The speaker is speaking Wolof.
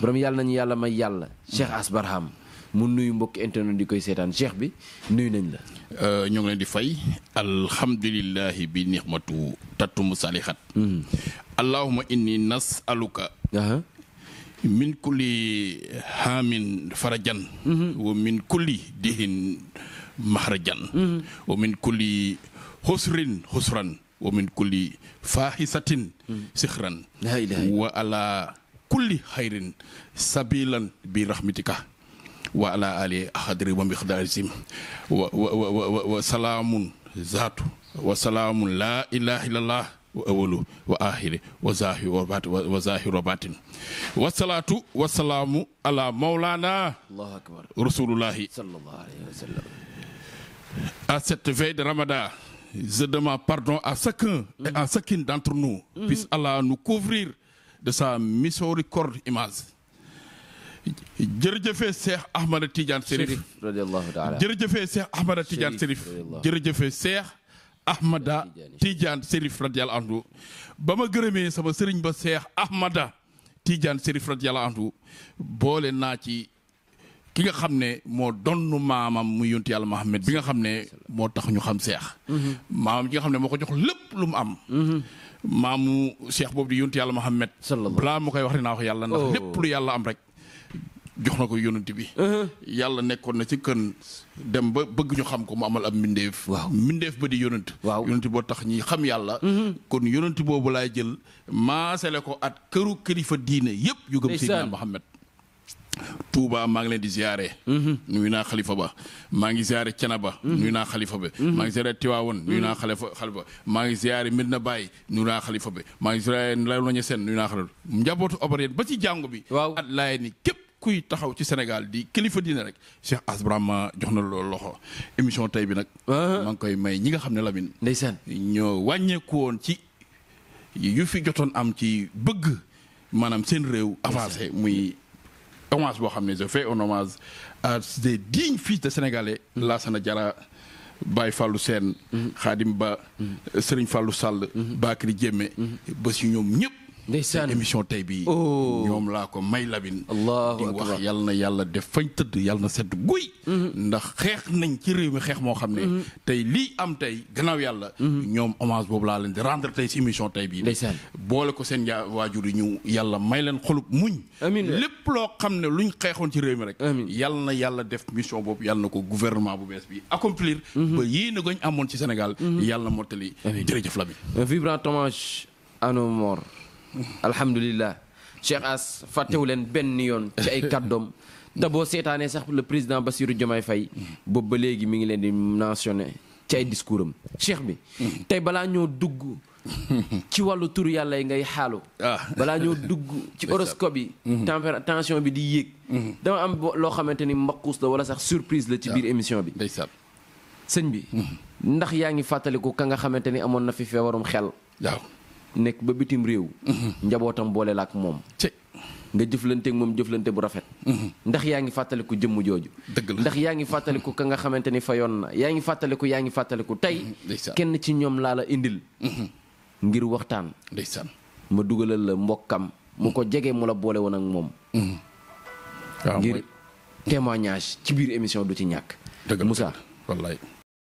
borom yàlla nañu yàlla may yàlla cheikh asbarham mu nuyu mbokk internet di koy seetaan cheikh bi nuyu nañ la euh, ñu ngi leen di fay alhamdulillahi bi nixmatu tatum salihat mm-hmm. allahumma inni nas'aluka min kulli hamin farajan mm-hmm. wa min kulli dihin mahrajan mm-hmm. wa min kulli husrin husran wa min kulli fahisatin sikhran wa ala كل خير سبيلا برحمتك وعلى آل حضر ومخدازم وسلام ذات وسلام لا إله إلا الله أول وآخر وظاهر وباطن والصلاة والسلام على مولانا الله أكبر رسول الله صلى الله عليه وسلم À cette veille de Ramadan, je demande pardon à chacun et à chacune d'entre nous, mm -hmm. puisse Allah nous couvrir mm -hmm. de sa miséricorde image jërëjëfee Cheikh Ahmada Tidiane Serif jërëjëfee Cheikh Ahmada Tidiane Serif jërëjëfee Cheikh Ahmada Tidiane Serif radiyallahu anhu ba ma gërëmee sama sëriñ ba Cheikh Ahmada Tidiane Serif radiyallahu anhu boole naa ci ki nga xam ne moo donn maamam mu yonti yàlla Muhammad bi nga xam ne moo tax ñu xam seex mm-hmm. maamam ji nga xam ne moo ko jox lépp lu mu am mm-hmm. maamu seex boobu di yonti yàlla Muhammad balaa ma koy wax dinaa yàlla ndax oh. lépp yàlla am rek jox ko yonent bi uh-huh. yàlla nekkoon na ci kën dem ba bëgg ñu xam ko mu amal am mbindeef mbindeef ba di yonent waaw boo tax ñi xam yàlla mm-hmm. kon yonent boobu laay jël maasale ko at këru kilifa diine yépp yu gëm Seydina Muhammad Touba maa ngi leen di ziare. Mhm. nuyu naa xalifa ba maa ngi ziare Canaba. Mhm. nuyu naa xalifa ba. Mhm. maa ngi ziare Tiwaawoon nuyu naa xalifa xalifa maa ngi ziare Medina Baye nuyu naa xalifa ba maa ngi ziare Léona Niassène nuyu naa xalifa njabootu Obadien ba bi. waaw at laay ni képp kuy taxaw ci Sénégal di kilifa diine rek Cheikh Asbrahma jox na loolu loxo émission tey bi nag. Ah. maa ngi koy may ñi nga xam ne Lamine. ndeysaan ñoo wàññeeku woon ci yu fi jotoon am ci bëgg maanaam seen réew avancé muy. hommage boo xam ne je fais un hommage à des dignes fils de sénégalais Lassana Diarra Baye Fallou Sène mm-hmm. Khadim Ba mm-hmm. Serigne Fallou Sall mm-hmm. Bakary Diémé ba si ñoom ñëpp ndeysaan émission tey bi oh. ñoom laa ko may labin di wax yal na yàlla def fañ tëdd yal na sedd guy mm-hmm. ndax xeex nañ ci réew mi xeex moo xam ne mm-hmm. tey lii am tey gannaaw yàlla mm-hmm. ñoom hommage boobu laa leen di rendre tey si émission tey bi ndeysaan boole ko seen yaa waajur yi ñu yàlla may leen xolub muñ amiin lépp loo xam ne luñ xeexoon ci réew mi rek yal na yàlla def mission boobu yal na ko gouvernement bu bees bi accomplir ba yéene goñ amoon ci Sénégal yàlla mottali jërëjëf labin vibrant alhamdulillah Cheikh As fàttewu leen benn yoon ci ay kàddoom te boo seetaanee sax le président Bassirou Diomaye fay boobu ba léegi mi ngi leen di mentionné ci ay discours am cheikh bi tey balaa ñoo dugg ci wàllu tur yi ngay xaalu ah. balaa ñoo dugg ci horoscope yi mhm. température tension bi di yéeg mhm. dama am loo xamante ni mbaquus la wala sax surprise la ci ah. biir émission bi sëñ bi mhm. ndax yaa ngi fàttaliku ka nga xamante ni amoon na fi feebarum xel waaw nekk ba bitim réew. Mhm. njabootam boole la ak moom. nga jëflanteek moom jëflante bu rafet. Mhm. ndax yaa ngi fàttaliku jëmm jooju. dëgg ndax yaa ngi fàttaliku ka nga xamante ni fayoon na yaa ngi fàttaliku yaa ngi fàttaliku tey. Mhm. kenn ci ñoom laa la indil. ngir waxtaan. ndeysaan ma dugalal la mbokkam. mu ko jege mu la boole woon ak moom. ngir témoignage ci biir émission du ci ñàkk. dëgg la